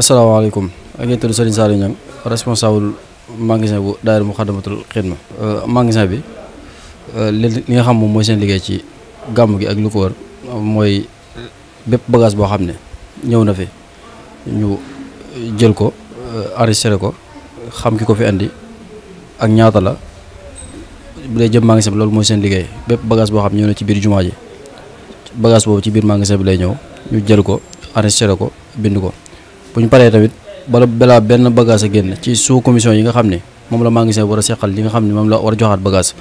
asalaamaaleykum ak ngeen tudd Serigne Saliou Niang responsable magasin bu daayira Moukhaddamatoul ma euh, magasin bi euh, li nga xam moom mooy seen liggéey ci gàmm gi ak lu ko wër mooy bépp bagage boo xam ne ñëw na fi ñu jël ko euh, enregistré ko xam ki ko fi indi ak ñaata la bu dee jëm magasin bi loolu mooy seen liggéey bépp bagage boo xam ñëw na ci biir jumaa ji bagage boobu ci biir magasin bi lay ñëw ñu jël ko enregistré ko bind ko bu ñu paree tamit bala balaa benn bagage a génn ci sous commission yi nga xam ne moom la magasin war a seqal li nga xam ne moom la war a joxaat bagage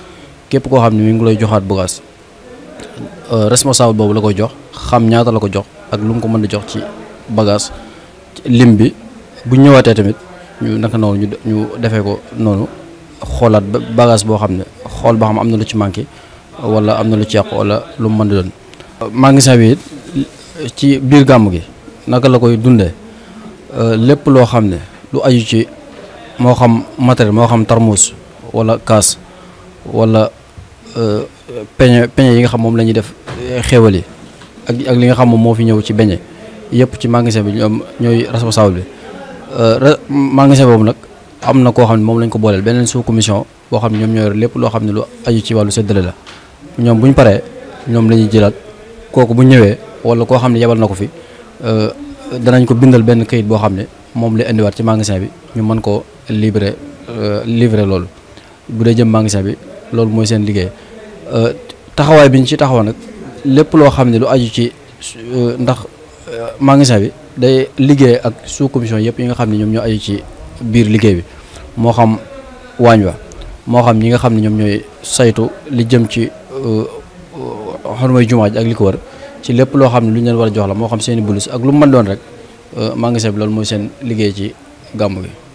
képp koo xam ne mu ngi lay joxaat bagage euh, responsable boobu la koy jox xam ñaata la ko jox ak lu mu ko mën a jox ci bagage lim bi bu ñëwaatee tamit ñu naka noonu ñu defee ko noonu xoolaat bagage boo xam ne xool ba xam am na lu ci manqué wala am na lu ci yàqu wala lu mu mën di doon. magasin bi it ci biir gàmm gi naka la koy dundee. Euh, lépp loo xam ne lu aju ci moo xam matériel moo xam tarmuus wala kaas wala euh, peñe peñe yi nga xam moom la ñuy def euh, xéewal yi ak ak li nga xam moom moo fi ñëw ci beñe yëpp ci magasin bi ñoom ñooy responsable bi magasin boobu nag am na koo xam ne moom lañ ko booleel beneen sous commission boo xam ne ñoom ñoo yor lépp loo xam ne lu aju ci wàllu séddale la ñoom buñ paree ñoom lañuy jëlaat kooku bu ñëwee wala koo xam ne yebal na ko fi danañ ko bindal benn kayit boo xam ne moom la indiwaat ci magasin bi ñu mën koo livrer euh, livrer loolu bu dee jëm magasin bi loolu mooy seen liggéey euh, taxawaay bi ñu ci taxaw nag lépp loo xam ne lu aju ci euh, ndax magasin bi day liggéey ak sous commission yëpp yi nga xam ne ñoom ñoo aju ci biir liggéey bi moo xam waañ wa moo xam ñi nga xam ne ñoom ñooy saytu li jëm ci xormay jumaa ji ak li ko wër ci lépp loo xam ne lu ñu war a jox la moo xam seeni i bulus ak lu mu mën doon rek maa ngi seeb loolu mooy seen liggéey ci gàmm bi